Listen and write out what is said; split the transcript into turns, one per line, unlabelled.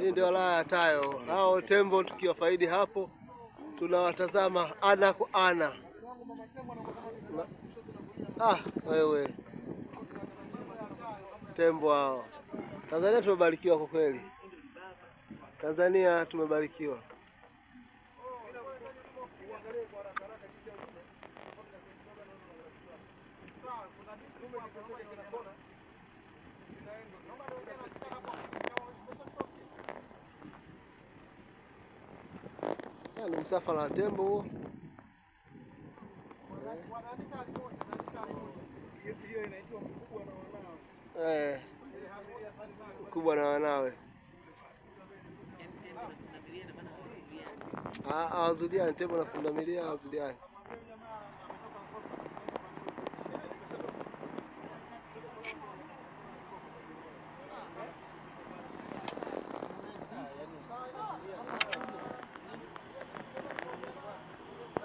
Hii ndio wilaya ya Tayo. Hao tembo tukiwafaidi hapo, tunawatazama ana kwa ana. Ah, wewe tembo hao. Tanzania tumebarikiwa kwa kweli. Tanzania tumebarikiwa ni msafara wa tembo huo. Hiyo inaitwa mkubwa na wanawe. Eh, mkubwa na wanawe. Ağzı diyen, tebuna kula mili ağzı diyen.